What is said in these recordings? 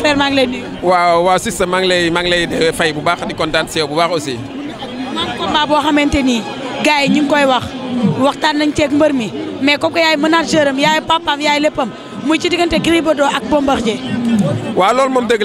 frère maa ngi lay nuyu. waaw waaw sister maa ngi lay maa di kontaan si yow bu baax aussi. maa ngi combat boo xamante ni gars yi ñu ngi koy wax waxtaan nañ ceeg mbër mi mais comme que yaay manager am yaay papaam yaay léppam muy ci diggante Gris Bordeaux ak Bombardier. waaw loolu moom dëgg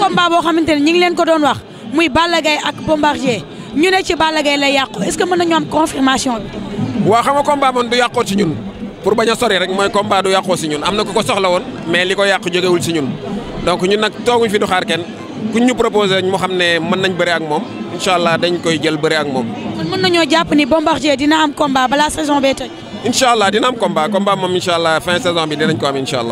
combat boo xamante ne ñu ngi leen ko doon wax muy Balla Gaye ak Bombardier ñu ne ci la Gaye lay yàqu est-ce que mën nañu am confirmation bi. waaw xam nga combat man du yàqoo ci ñun pour bañ a sori rek mooy combat du yàqoo si ñun am na ku ko soxla woon mais li ko yàq jógewul si ñun donc ñun nag tooguñ fi du xaar ken kuñ ñu moo mu xam ne mën nañ bëri ak moom incha allah dañ koy jël bëri ak moom. kon mën nañoo jàpp ni Bombardier dina am combat balaa saison bee tëj. incha allah dina am combat combat moom incha fin saison bi dinañ ko am incha